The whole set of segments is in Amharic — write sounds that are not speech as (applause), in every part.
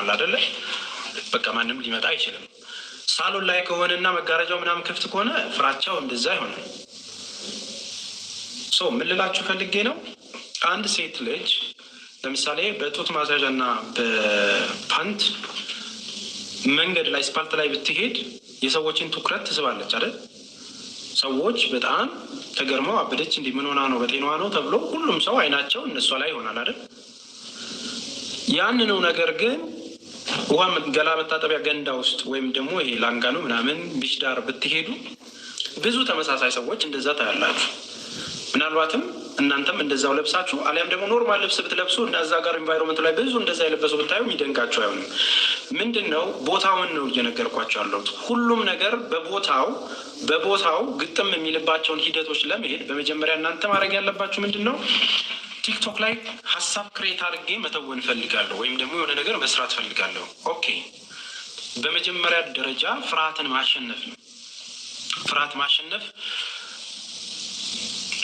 ሆነናል አደለ? በቃ ማንም ሊመጣ አይችልም። ሳሎን ላይ ከሆነና መጋረጃው ምናምን ክፍት ከሆነ ፍራቻው እንደዛ ይሆናል። ሶ የምልላችሁ ፈልጌ ነው አንድ ሴት ልጅ ለምሳሌ በጡት ማስያዣና በፓንት መንገድ ላይ ስፓልት ላይ ብትሄድ የሰዎችን ትኩረት ትስባለች አይደል? ሰዎች በጣም ተገርመው አበደች እንዲህ ምን ሆና ነው በጤናዋ ነው ተብሎ ሁሉም ሰው አይናቸው እነሷ ላይ ይሆናል አይደል? ያንኑ ነገር ግን ውሃ ገላ መታጠቢያ ገንዳ ውስጥ ወይም ደግሞ ይሄ ላንጋኖ ምናምን ቢች ዳር ብትሄዱ ብዙ ተመሳሳይ ሰዎች እንደዛ ታያላችሁ። ምናልባትም እናንተም እንደዛው ለብሳችሁ አሊያም ደግሞ ኖርማል ልብስ ብትለብሱ እና እዛ ጋር ኤንቫይሮንመንት ላይ ብዙ እንደዛ የለበሱ ብታዩ የሚደንቃቸው አይሆንም። ምንድን ነው ቦታውን ነው እየነገርኳቸው ያለሁት። ሁሉም ነገር በቦታው በቦታው ግጥም የሚልባቸውን ሂደቶች ለመሄድ በመጀመሪያ እናንተ ማድረግ ያለባችሁ ምንድን ነው ቲክቶክ ላይ ሀሳብ ክሬት አድርጌ መተወን ፈልጋለሁ ወይም ደግሞ የሆነ ነገር መስራት ፈልጋለሁ። ኦኬ በመጀመሪያ ደረጃ ፍርሃትን ማሸነፍ ነው። ፍርሃት ማሸነፍ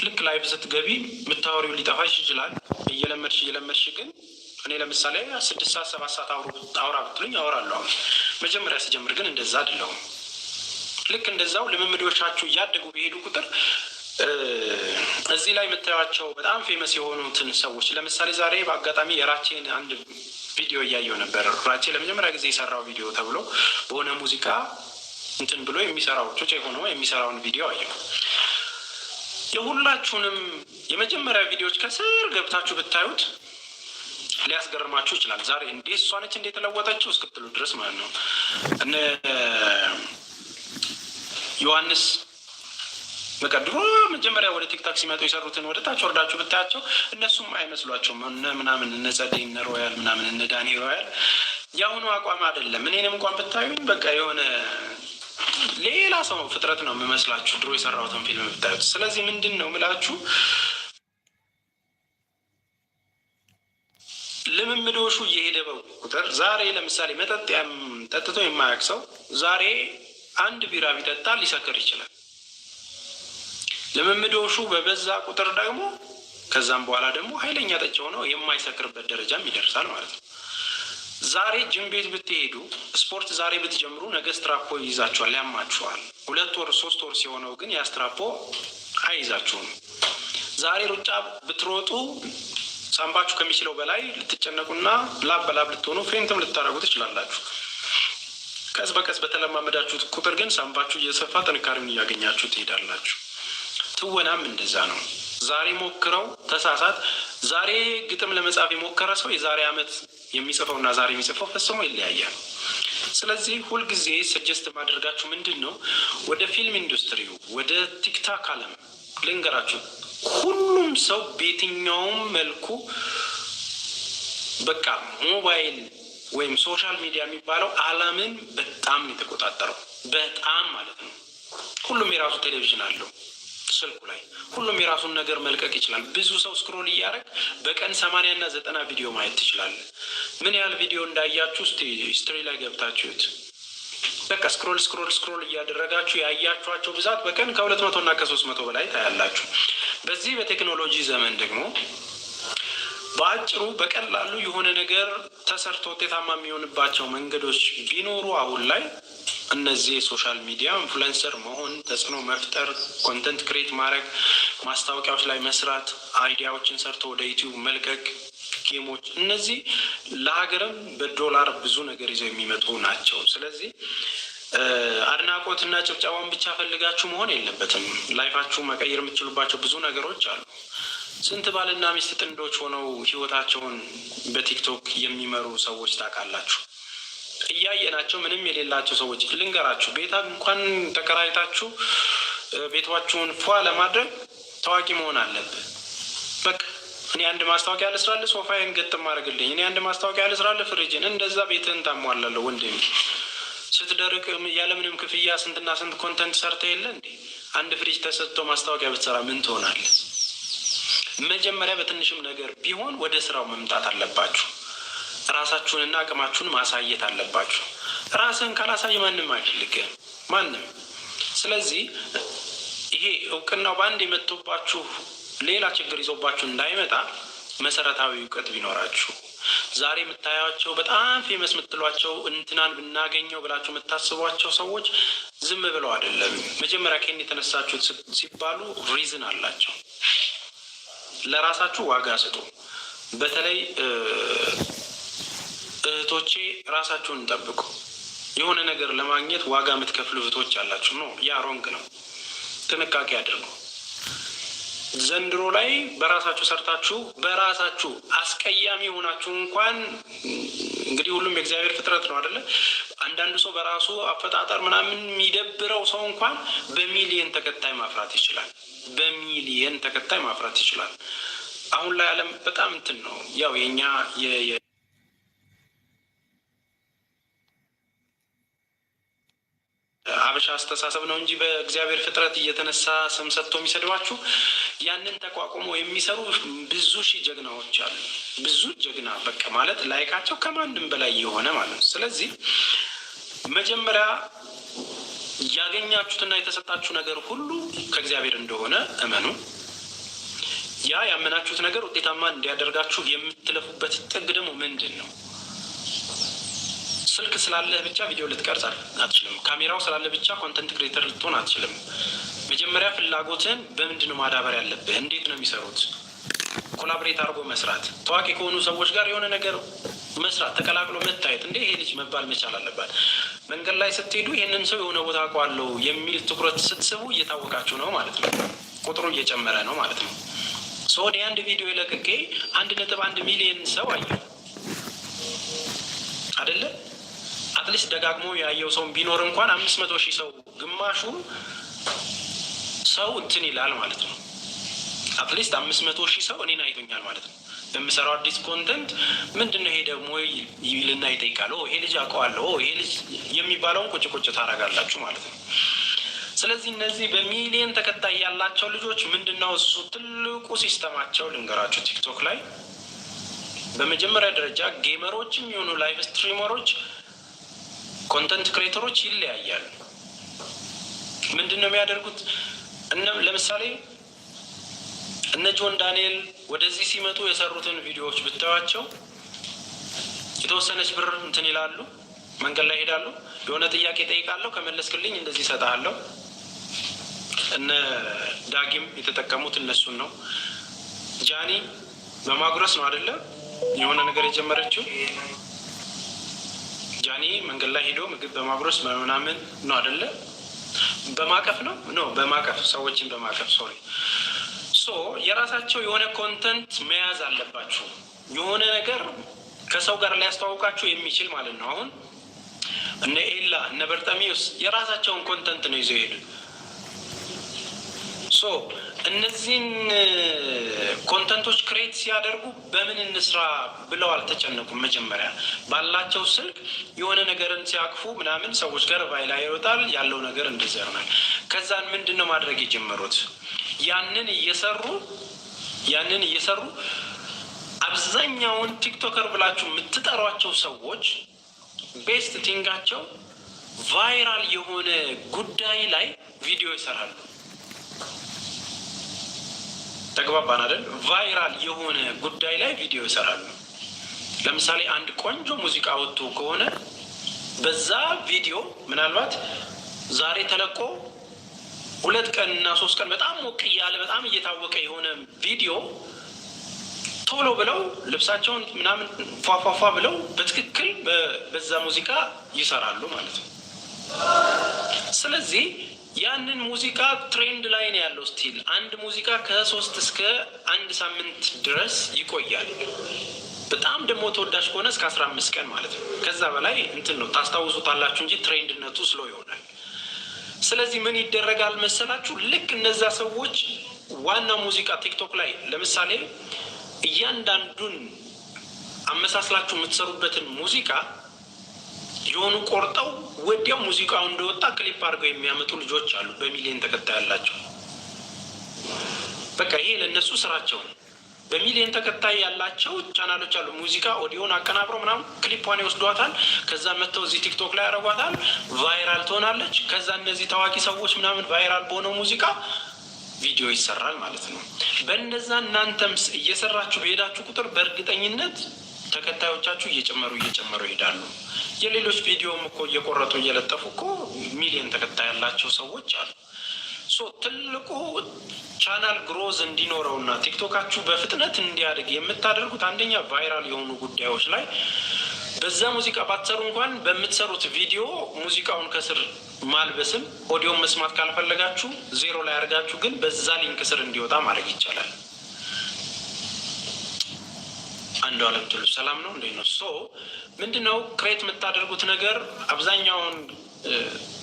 ልክ ላይፍ ስትገቢ የምታወሪው ሊጠፋሽ ይችላል። እየለመድሽ እየለመድሽ ግን እኔ ለምሳሌ ስድስት ሰዓት ሰባት ሰዓት አውራ ብትለኝ አወራለሁ። መጀመሪያ ስጀምር ግን እንደዛ አይደለሁም። ልክ እንደዛው ልምምዶቻችሁ እያደጉ በሄዱ ቁጥር እዚህ ላይ የምታያቸው በጣም ፌመስ የሆኑትን ሰዎች ለምሳሌ ዛሬ በአጋጣሚ የራቼን አንድ ቪዲዮ እያየው ነበር። ራቼ ለመጀመሪያ ጊዜ የሰራው ቪዲዮ ተብሎ በሆነ ሙዚቃ እንትን ብሎ የሚሰራው ጩጬ ሆኖ የሚሰራውን ቪዲዮ አየው። የሁላችሁንም የመጀመሪያ ቪዲዮዎች ከስር ገብታችሁ ብታዩት ሊያስገርማችሁ ይችላል። ዛሬ እንዴ እሷ ነች እንዴ የተለወጠችው እስክትሉ ድረስ ማለት ነው። እነ ዮሐንስ በቃ ድሮ መጀመሪያ ወደ ቲክታክ ሲመጡ የሰሩትን ወደ ታች ወርዳችሁ ብታያቸው እነሱም አይመስሏቸውም። እነ ምናምን እነ ጸደይ እነ ሮያል ምናምን እነ ዳኒ ሮያል የአሁኑ አቋም አይደለም። እኔንም እንኳን ብታዩኝ በቃ የሆነ ሌላ ሰው ፍጥረት ነው የምመስላችሁ ድሮ የሰራሁትን ፊልም ብታዩት። ስለዚህ ምንድን ነው ምላችሁ ልምምዶሹ እየሄደ በቁጥር ዛሬ ለምሳሌ መጠጥ ጠጥቶ የማያውቅ ሰው ዛሬ አንድ ቢራ ቢጠጣ ሊሰክር ይችላል። ልምምዶሹ በበዛ ቁጥር ደግሞ ከዛም በኋላ ደግሞ ኃይለኛ ጠጭ ሆነው የማይሰክርበት ደረጃም ይደርሳል ማለት ነው። ዛሬ ጅም ቤት ብትሄዱ ስፖርት ዛሬ ብትጀምሩ ነገ ስትራፖ ይይዛችኋል፣ ያማችኋል። ሁለት ወር ሶስት ወር ሲሆነው ግን ያስትራፖ አይይዛችሁም። ዛሬ ሩጫ ብትሮጡ ሳምባችሁ ከሚችለው በላይ ልትጨነቁና ላብ በላብ ልትሆኑ ፌንትም ልታደርጉ ትችላላችሁ። ቀስ በቀስ በተለማመዳችሁት ቁጥር ግን ሳምባችሁ እየሰፋ ጥንካሬውን እያገኛችሁ ትሄዳላችሁ። ትወናም እንደዛ ነው። ዛሬ ሞክረው ተሳሳት። ዛሬ ግጥም ለመጻፍ የሞከረ ሰው የዛሬ ዓመት የሚጽፈው እና ዛሬ የሚጽፈው ፈጽሞ ይለያያል። ስለዚህ ሁልጊዜ ሰጀስት ማድረጋችሁ ምንድን ነው፣ ወደ ፊልም ኢንዱስትሪው ወደ ቲክታክ አለም ልንገራችሁ፣ ሁሉም ሰው በየትኛውም መልኩ በቃ ሞባይል ወይም ሶሻል ሚዲያ የሚባለው አለምን በጣም የተቆጣጠረው በጣም ማለት ነው። ሁሉም የራሱ ቴሌቪዥን አለው። ስልኩ ላይ ሁሉም የራሱን ነገር መልቀቅ ይችላል። ብዙ ሰው ስክሮል እያደረግ በቀን ሰማንያ እና ዘጠና ቪዲዮ ማየት ትችላለ። ምን ያህል ቪዲዮ እንዳያችሁ ስ ስትሪ ላይ ገብታችሁት በቃ ስክሮል ስክሮል ስክሮል እያደረጋችሁ ያያችኋቸው ብዛት በቀን ከሁለት መቶ እና ከሶስት መቶ በላይ ታያላችሁ። በዚህ በቴክኖሎጂ ዘመን ደግሞ በአጭሩ በቀላሉ የሆነ ነገር ተሰርቶ ውጤታማ የሚሆንባቸው መንገዶች ቢኖሩ አሁን ላይ እነዚህ የሶሻል ሚዲያ ኢንፍሉንሰር መሆን፣ ተጽዕኖ መፍጠር፣ ኮንተንት ክሬት ማድረግ፣ ማስታወቂያዎች ላይ መስራት፣ አይዲያዎችን ሰርቶ ወደ ዩቲዩብ መልቀቅ፣ ጌሞች፣ እነዚህ ለሀገርም በዶላር ብዙ ነገር ይዘው የሚመጡ ናቸው። ስለዚህ አድናቆትና ጭብጨባን ብቻ ፈልጋችሁ መሆን የለበትም። ላይፋችሁ መቀየር የምትችሉባቸው ብዙ ነገሮች አሉ። ስንት ባልና ሚስት ጥንዶች ሆነው ህይወታቸውን በቲክቶክ የሚመሩ ሰዎች ታውቃላችሁ? እያየናቸው ምንም የሌላቸው ሰዎች ልንገራችሁ፣ ቤታ እንኳን ተከራይታችሁ ቤቷችሁን ፏ ለማድረግ ታዋቂ መሆን አለብን? በቃ እኔ አንድ ማስታወቂያ ልስራለ፣ ሶፋዬን ገጥም አድርግልኝ። እኔ አንድ ማስታወቂያ ልስራለ፣ ፍሪጅን። እንደዛ ቤትህን ታሟላለሁ። ወንድሜ። ስትደርቅ ያለምንም ክፍያ ስንትና ስንት ኮንተንት ሰርተ የለ እንዴ? አንድ ፍሪጅ ተሰጥቶ ማስታወቂያ ብትሰራ ምን ትሆናለህ? መጀመሪያ በትንሽም ነገር ቢሆን ወደ ስራው መምጣት አለባችሁ። ራሳችሁንና አቅማችሁን ማሳየት አለባችሁ። ራስን ካላሳይ ማንም አይፈልግ ማንም። ስለዚህ ይሄ እውቅናው በአንድ የመጥቶባችሁ ሌላ ችግር ይዞባችሁ እንዳይመጣ መሰረታዊ እውቀት ቢኖራችሁ ዛሬ የምታያቸው በጣም ፌመስ የምትሏቸው እንትናን ብናገኘው ብላችሁ የምታስቧቸው ሰዎች ዝም ብለው አይደለም። መጀመሪያ ከን የተነሳችሁት ሲባሉ ሪዝን አላቸው። ለራሳችሁ ዋጋ ስጡ። በተለይ እህቶቼ ራሳችሁን ጠብቁ። የሆነ ነገር ለማግኘት ዋጋ የምትከፍሉ እህቶች አላችሁ ነው። ያ ሮንግ ነው። ጥንቃቄ አድርጉ። ዘንድሮ ላይ በራሳችሁ ሰርታችሁ በራሳችሁ አስቀያሚ ሆናችሁ እንኳን እንግዲህ ሁሉም የእግዚአብሔር ፍጥረት ነው አደለ? አንዳንዱ ሰው በራሱ አፈጣጠር ምናምን የሚደብረው ሰው እንኳን በሚሊየን ተከታይ ማፍራት ይችላል። በሚሊየን ተከታይ ማፍራት ይችላል። አሁን ላይ ዓለም በጣም እንትን ነው ያው የኛ የቆሸሸ አስተሳሰብ ነው እንጂ በእግዚአብሔር ፍጥረት እየተነሳ ስም ሰጥቶ የሚሰድባችሁ ያንን ተቋቁሞ የሚሰሩ ብዙ ሺህ ጀግናዎች አሉ። ብዙ ጀግና በቃ ማለት ላይቃቸው ከማንም በላይ የሆነ ማለት ነው። ስለዚህ መጀመሪያ ያገኛችሁትና የተሰጣችሁ ነገር ሁሉ ከእግዚአብሔር እንደሆነ እመኑ። ያ ያመናችሁት ነገር ውጤታማ እንዲያደርጋችሁ የምትለፉበት ጥግ ደግሞ ምንድን ነው? ስልክ ስላለህ ብቻ ቪዲዮ ልትቀርጽ አትችልም። ካሜራው ስላለ ብቻ ኮንተንት ክሬተር ልትሆን አትችልም። መጀመሪያ ፍላጎትን በምንድን ነው ማዳበር ያለብህ? እንዴት ነው የሚሰሩት? ኮላብሬት አድርጎ መስራት፣ ታዋቂ ከሆኑ ሰዎች ጋር የሆነ ነገር መስራት፣ ተቀላቅሎ መታየት፣ እንደ ይሄ ልጅ መባል መቻል አለባት። መንገድ ላይ ስትሄዱ ይህንን ሰው የሆነ ቦታ አውቀዋለሁ የሚል ትኩረት ስትስቡ እየታወቃችሁ ነው ማለት ነው። ቁጥሩ እየጨመረ ነው ማለት ነው። ሶ ወደ አንድ ቪዲዮ ለቅቄ አንድ ነጥብ አንድ ሚሊዮን ሰው አየሁ አትሊስት ደጋግሞ ያየው ሰው ቢኖር እንኳን አምስት መቶ ሺህ ሰው ግማሹ ሰው እንትን ይላል ማለት ነው። አትሊስት አምስት መቶ ሺህ ሰው እኔን አይቶኛል ማለት ነው። በምሰራው አዲስ ኮንተንት ምንድን ነው ይሄ ደግሞ ይልና ይጠይቃል። ይሄ ልጅ አውቀዋለሁ፣ ይሄ ልጅ የሚባለውን ቁጭ ቁጭ ታደርጋላችሁ ማለት ነው። ስለዚህ እነዚህ በሚሊየን ተከታይ ያላቸው ልጆች ምንድን ነው እሱ ትልቁ ሲስተማቸው ልንገራችሁ። ቲክቶክ ላይ በመጀመሪያ ደረጃ ጌመሮችም የሆኑ ላይቭ ስትሪመሮች ኮንተንት ክሬተሮች ይለያያሉ። ምንድን ነው የሚያደርጉት? ለምሳሌ እነ ጆን ዳንኤል ወደዚህ ሲመጡ የሰሩትን ቪዲዮዎች ብታዩቸው የተወሰነች ብር እንትን ይላሉ። መንገድ ላይ ሄዳሉ። የሆነ ጥያቄ ጠይቃለሁ፣ ከመለስክልኝ እንደዚህ እሰጥሃለሁ። እነ ዳጊም የተጠቀሙት እነሱን ነው። ጃኒ በማጉረስ ነው አይደለም የሆነ ነገር የጀመረችው ጃኒ መንገድ ላይ ሄዶ ምግብ በማጉረስ በምናምን ነው አደለ? በማቀፍ ነው ኖ በማቀፍ ሰዎችን በማቀፍ ሶሪ። ሶ የራሳቸው የሆነ ኮንተንት መያዝ አለባችሁ። የሆነ ነገር ከሰው ጋር ሊያስተዋውቃችሁ የሚችል ማለት ነው። አሁን እነ ኤላ እነ በርጠሚውስ የራሳቸውን ኮንተንት ነው ይዘው ይሄዱ ሶ እነዚህን ኮንተንቶች ክሬት ሲያደርጉ በምን እንስራ ብለው አልተጨነቁም። መጀመሪያ ባላቸው ስልክ የሆነ ነገርን ሲያቅፉ ምናምን ሰዎች ጋር ባይ ላይ ይወጣል ያለው ነገር እንደዚያ ይሆናል። ከዛን ምንድን ነው ማድረግ የጀመሩት? ያንን እየሰሩ ያንን እየሰሩ አብዛኛውን ቲክቶከር ብላችሁ የምትጠሯቸው ሰዎች ቤስት ቲንጋቸው ቫይራል የሆነ ጉዳይ ላይ ቪዲዮ ይሰራሉ። ተግባባን አይደል? ቫይራል የሆነ ጉዳይ ላይ ቪዲዮ ይሰራሉ። ለምሳሌ አንድ ቆንጆ ሙዚቃ ወጥቶ ከሆነ በዛ ቪዲዮ ምናልባት ዛሬ ተለቆ ሁለት ቀን እና ሶስት ቀን በጣም ሞቅ እያለ በጣም እየታወቀ የሆነ ቪዲዮ ቶሎ ብለው ልብሳቸውን ምናምን ፏፏፏ ብለው በትክክል በዛ ሙዚቃ ይሰራሉ ማለት ነው። ስለዚህ ያንን ሙዚቃ ትሬንድ ላይ ነው ያለው። ስቲል አንድ ሙዚቃ ከሶስት እስከ አንድ ሳምንት ድረስ ይቆያል። በጣም ደግሞ ተወዳጅ ከሆነ እስከ አስራ አምስት ቀን ማለት ነው። ከዛ በላይ እንትን ነው ታስታውሱታላችሁ እንጂ ትሬንድነቱ ስሎ ይሆናል። ስለዚህ ምን ይደረጋል መሰላችሁ? ልክ እነዛ ሰዎች ዋና ሙዚቃ ቲክቶክ ላይ ለምሳሌ እያንዳንዱን አመሳስላችሁ የምትሰሩበትን ሙዚቃ የሆኑ ቆርጠው ወዲያው ሙዚቃው እንደወጣ ክሊፕ አድርገው የሚያመጡ ልጆች አሉ፣ በሚሊዮን ተከታይ ያላቸው። በቃ ይሄ ለእነሱ ስራቸው ነው። በሚሊዮን ተከታይ ያላቸው ቻናሎች አሉ። ሙዚቃ ኦዲዮን አቀናብረው ምናምን ክሊፖን ይወስዷታል። ከዛ መጥተው እዚህ ቲክቶክ ላይ ያደርጓታል፣ ቫይራል ትሆናለች። ከዛ እነዚህ ታዋቂ ሰዎች ምናምን ቫይራል በሆነው ሙዚቃ ቪዲዮ ይሰራል ማለት ነው። በእነዛ እናንተም እየሰራችሁ በሄዳችሁ ቁጥር በእርግጠኝነት ተከታዮቻችሁ እየጨመሩ እየጨመሩ ይሄዳሉ። የሌሎች ቪዲዮም እኮ እየቆረጡ እየለጠፉ እኮ ሚሊዮን ተከታይ ያላቸው ሰዎች አሉ። ሶ ትልቁ ቻናል ግሮዝ እንዲኖረውና ቲክቶካችሁ በፍጥነት እንዲያድግ የምታደርጉት አንደኛ ቫይራል የሆኑ ጉዳዮች ላይ በዛ ሙዚቃ ባትሰሩ እንኳን በምትሰሩት ቪዲዮ ሙዚቃውን ከስር ማልበስም ኦዲዮን መስማት ካልፈለጋችሁ ዜሮ ላይ አድርጋችሁ ግን በዛ ሊንክ ስር እንዲወጣ ማድረግ ይቻላል። አንዱ አለም ትሉ ሰላም ነው እንዴ ነው ሶ ምንድነው ክሬት የምታደርጉት ነገር አብዛኛውን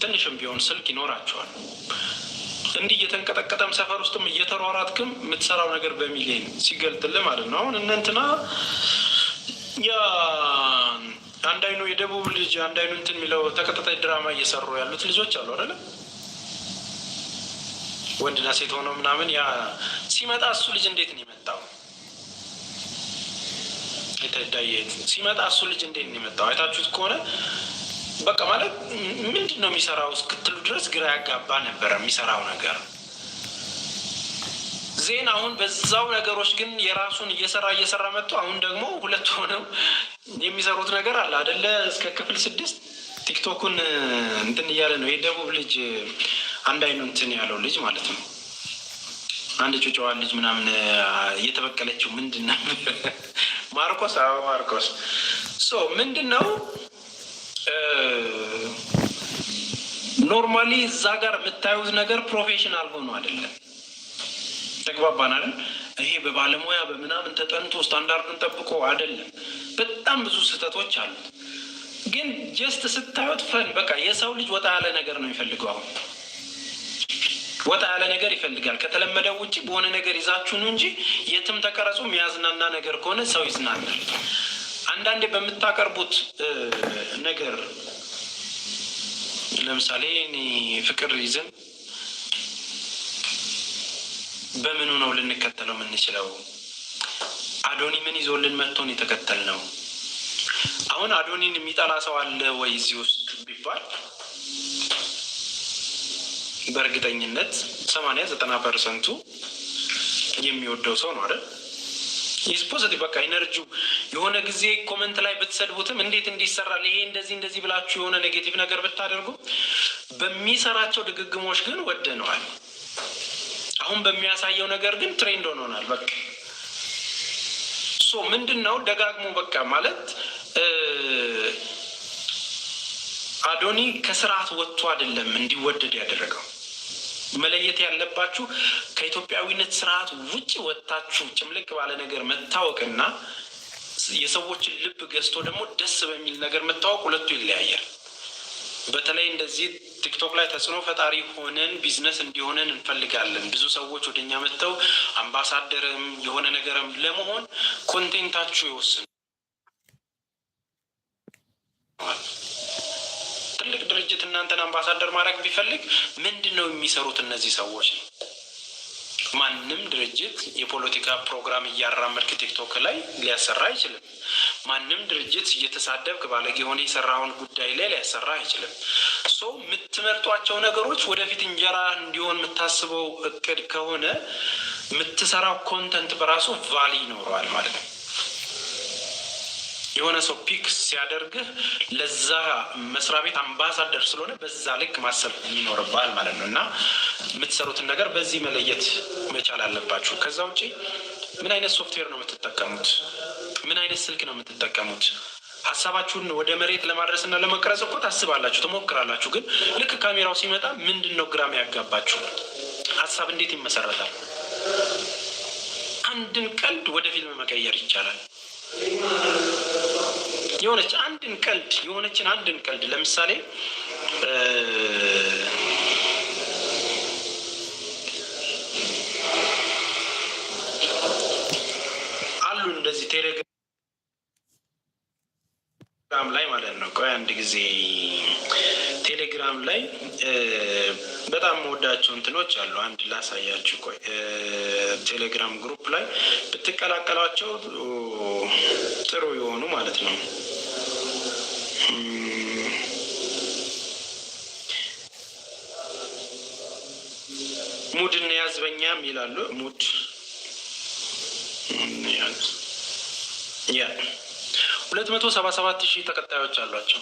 ትንሽም ቢሆን ስልክ ይኖራቸዋል። እንዲህ እየተንቀጠቀጠም ሰፈር ውስጥም እየተሯሯጥክም የምትሰራው ነገር በሚሊየን ሲገልጥል ማለት ነው። አሁን እነንትና ያ አንድ አይኑ የደቡብ ልጅ አንድ አይኑ እንትን የሚለው ተከታታይ ድራማ እየሰሩ ያሉት ልጆች አሉ አደለ ወንድና ሴት ሆኖ ምናምን ያ ሲመጣ እሱ ልጅ እንዴት ነው የመጣው? ዳየ ሲመጣ እሱ ልጅ እንዴት ነው የመጣው? አይታችሁት ከሆነ በቃ ማለት ምንድን ነው የሚሰራው እስክትሉ ድረስ ግራ ያጋባ ነበረ የሚሰራው ነገር። ዜን አሁን በዛው ነገሮች ግን የራሱን እየሰራ እየሰራ መጥቶ አሁን ደግሞ ሁለት ሆነው የሚሰሩት ነገር አለ አደለ? እስከ ክፍል ስድስት ቲክቶኩን እንትን እያለ ነው የደቡብ ልጅ አንድ አይኑ እንትን ያለው ልጅ ማለት ነው። አንድ ጩጫዋ ልጅ ምናምን እየተበቀለችው ምንድን ነው ማርቆስ አበ ማርቆስ ምንድን ነው ኖርማሊ እዛ ጋር የምታዩት ነገር ፕሮፌሽናል ሆኖ አይደለም። ተግባባናል። ይሄ በባለሙያ በምናምን ተጠንቶ ስታንዳርዱን ጠብቆ አይደለም። በጣም ብዙ ስህተቶች አሉት። ግን ጀስት ስታዩት ፈን በቃ የሰው ልጅ ወጣ ያለ ነገር ነው የሚፈልገው አሁን ወጣ ያለ ነገር ይፈልጋል። ከተለመደው ውጭ በሆነ ነገር ይዛችሁ ነው እንጂ የትም ተቀረጹ። የሚያዝናና ነገር ከሆነ ሰው ይዝናናል። አንዳንዴ በምታቀርቡት ነገር ለምሳሌ እኔ ፍቅር ይዘን በምኑ ነው ልንከተለው የምንችለው? አዶኒ ምን ይዞልን መጥቶን የተከተል ነው? አሁን አዶኒን የሚጠላ ሰው አለ ወይ እዚህ ውስጥ ቢባል በእርግጠኝነት ሰማንያ ዘጠና ፐርሰንቱ የሚወደው ሰው ነው አይደል? ይህ ፖዘቲቭ በቃ ኢነርጂው የሆነ ጊዜ ኮመንት ላይ ብትሰድቡትም እንዴት እንዲሰራል ይሄ እንደዚህ እንደዚህ ብላችሁ የሆነ ኔጌቲቭ ነገር ብታደርጉ በሚሰራቸው ድግግሞች ግን ወደነዋል። አሁን በሚያሳየው ነገር ግን ትሬንድ ሆኖናል። በቃ ሶ ምንድን ነው ደጋግሞ በቃ ማለት አዶኒ ከስርዓት ወጥቶ አይደለም እንዲወደድ ያደረገው መለየት ያለባችሁ ከኢትዮጵያዊነት ስርዓት ውጭ ወጥታችሁ ጭምልቅ ባለ ነገር መታወቅና የሰዎችን ልብ ገዝቶ ደግሞ ደስ በሚል ነገር መታወቅ ሁለቱ ይለያያል። በተለይ እንደዚህ ቲክቶክ ላይ ተጽዕኖ ፈጣሪ ሆነን ቢዝነስ እንዲሆነን እንፈልጋለን። ብዙ ሰዎች ወደኛ መጥተው አምባሳደርም የሆነ ነገርም ለመሆን ኮንቴንታችሁ ይወስኑ ድርጅት እናንተን አምባሳደር ማድረግ ቢፈልግ ምንድን ነው የሚሰሩት እነዚህ ሰዎች ማንም ድርጅት የፖለቲካ ፕሮግራም እያራመድክ ቲክቶክ ላይ ሊያሰራ አይችልም። ማንም ድርጅት እየተሳደብክ ባለጌ የሆነ የሰራውን ጉዳይ ላይ ሊያሰራ አይችልም። ሶ የምትመርጧቸው ነገሮች ወደፊት እንጀራ እንዲሆን የምታስበው እቅድ ከሆነ የምትሰራው ኮንተንት በራሱ ቫሊ ይኖረዋል ማለት ነው። የሆነ ሰው ፒክ ሲያደርግህ ለዛ መስሪያ ቤት አምባሳደር ስለሆነ በዛ ልክ ማሰብ ይኖርባል ማለት ነው እና የምትሰሩትን ነገር በዚህ መለየት መቻል አለባችሁ። ከዛ ውጭ ምን አይነት ሶፍትዌር ነው የምትጠቀሙት? ምን አይነት ስልክ ነው የምትጠቀሙት? ሀሳባችሁን ወደ መሬት ለማድረስ እና ለመቅረጽ እኮ ታስባላችሁ፣ ትሞክራላችሁ። ግን ልክ ካሜራው ሲመጣ ምንድን ነው ግራም ያጋባችሁ? ሀሳብ እንዴት ይመሰረታል? አንድን ቀልድ ወደ ፊልም መቀየር ይቻላል። የሆነች አንድን ቀልድ የሆነችን አንድን ቀልድ ለምሳሌ አሉ እንደዚህ ቴሌግራም ላይ ማለት ነው። ቆይ አንድ ጊዜ ቴሌግራም ላይ በጣም መወዳቸው እንትኖች አሉ። አንድ ላሳያችሁ። ቆይ ቴሌግራም ግሩፕ ላይ ብትቀላቀሏቸው ጥሩ የሆኑ ማለት ነው። ሙድ እንያዝ ይላሉ። ሙድ ያ ሁለት መቶ ሰባ ሰባት ሺህ ተከታዮች አሏቸው።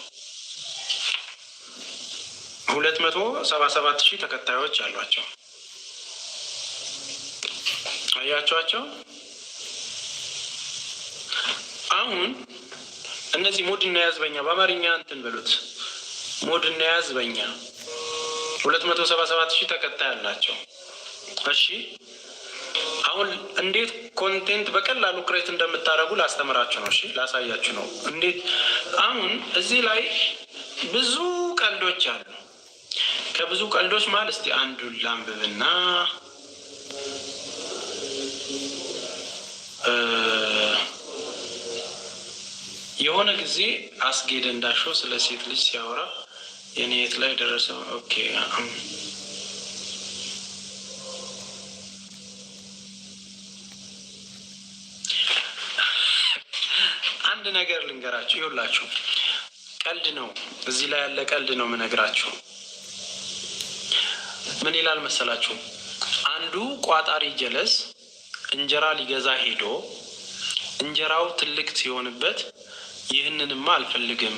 ሁለት መቶ ሰባ ሰባት ሺህ ተከታዮች አሏቸው። አያቸዋቸው። አሁን እነዚህ ሞድ እና ያዝበኛ በአማርኛ እንትን ብሉት ሞድ እና ያዝበኛ ሁለት መቶ ሰባ ሰባት ሺህ ተከታይ አላቸው። እሺ አሁን እንዴት ኮንቴንት በቀላሉ ክሬት እንደምታደርጉ ላስተምራችሁ ነው። እሺ ላሳያችሁ ነው እንዴት አሁን እዚህ ላይ ብዙ ቀልዶች አሉ። ከብዙ ቀልዶች መሀል እስቲ አንዱን ላንብብና የሆነ ጊዜ አስጌ ደንዳሾ ስለ ሴት ልጅ ሲያወራ የኔ የት ላይ ደረሰ? ኦኬ አንድ ነገር ልንገራችሁ። ይሁላችሁ ቀልድ ነው። እዚህ ላይ ያለ ቀልድ ነው ምነግራችሁ። ምን ይላል መሰላችሁ? አንዱ ቋጣሪ ጀለስ እንጀራ ሊገዛ ሄዶ እንጀራው ትልቅ ሲሆንበት ይህንንማ አልፈልግም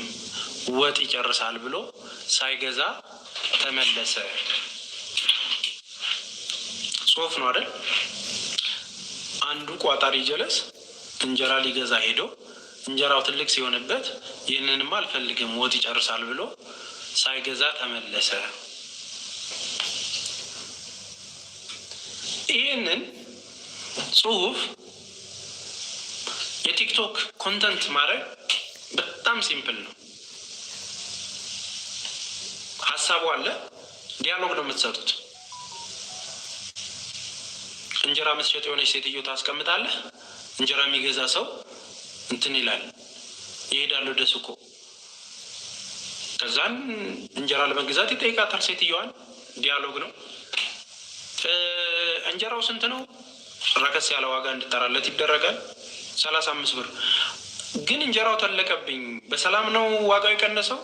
ወጥ ይጨርሳል ብሎ ሳይገዛ ተመለሰ። ጽሁፍ ነው አይደል? አንዱ ቋጣሪ ጀለስ እንጀራ ሊገዛ ሄዶ እንጀራው ትልቅ ሲሆንበት ይህንንማ አልፈልግም ወጥ ይጨርሳል ብሎ ሳይገዛ ተመለሰ። ይህንን ጽሁፍ የቲክቶክ ኮንተንት ማድረግ በጣም ሲምፕል ነው። ሀሳቡ አለ፣ ዲያሎግ ነው የምትሰጡት። እንጀራ መሸጥ የሆነች ሴትዮ ታስቀምጣለህ። እንጀራ የሚገዛ ሰው እንትን ይላል ይሄዳል ወደ ሱቁ። ከዛን እንጀራ ለመግዛት ይጠይቃታል ሴትዮዋን። ዲያሎግ ነው። እንጀራው ስንት ነው? ረከስ ያለ ዋጋ እንድጠራለት ይደረጋል። ሰላሳ አምስት ብር ግን እንጀራው ተለቀብኝ። በሰላም ነው ዋጋው የቀነሰው።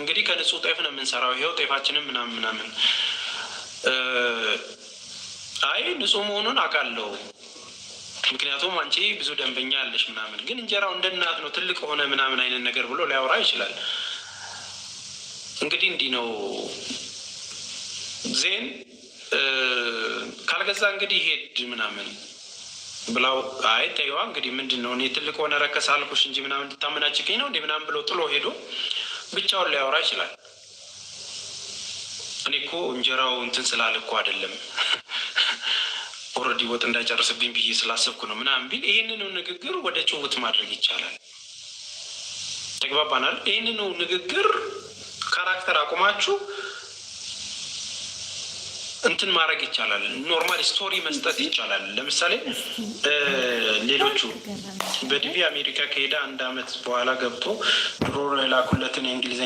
እንግዲህ ከንጹህ ጤፍ ነው የምንሰራው። ይሄው ጤፋችንም ምናምን ምናምን። አይ ንጹህ መሆኑን አውቃለሁ፣ ምክንያቱም አንቺ ብዙ ደንበኛ ያለሽ ምናምን። ግን እንጀራው እንደ እናት ነው ትልቅ ሆነ ምናምን አይነት ነገር ብሎ ሊያወራ ይችላል። እንግዲህ እንዲህ ነው ዜን ካልገዛ እንግዲህ ሄድ ምናምን ብላው አይ ተይዋ እንግዲህ ምንድን ነው እኔ ትልቅ ሆነ ረከስ አልኩሽ እንጂ ምናምን እንድታመናጭቀኝ ነው እንዲ ምናምን ብሎ ጥሎ ሄዶ ብቻውን ሊያወራ ይችላል። እኔ እኮ እንጀራው እንትን ስላል እኮ አይደለም (laughs) ኦልሬዲ ወጥ እንዳይጨርስብኝ ብዬ ስላሰብኩ ነው ምናምን ቢል ይህንኑ ንግግር ወደ ጭውት ማድረግ ይቻላል። ተግባባናል። ይህንኑ ንግግር ካራክተር አቁማችሁ እንትን ማድረግ ይቻላል። ኖርማል ስቶሪ መስጠት ይቻላል። ለምሳሌ ሌሎቹ በዲቪ አሜሪካ ከሄደ አንድ አመት በኋላ ገብቶ ድሮ ላኩለትን የእንግሊዝ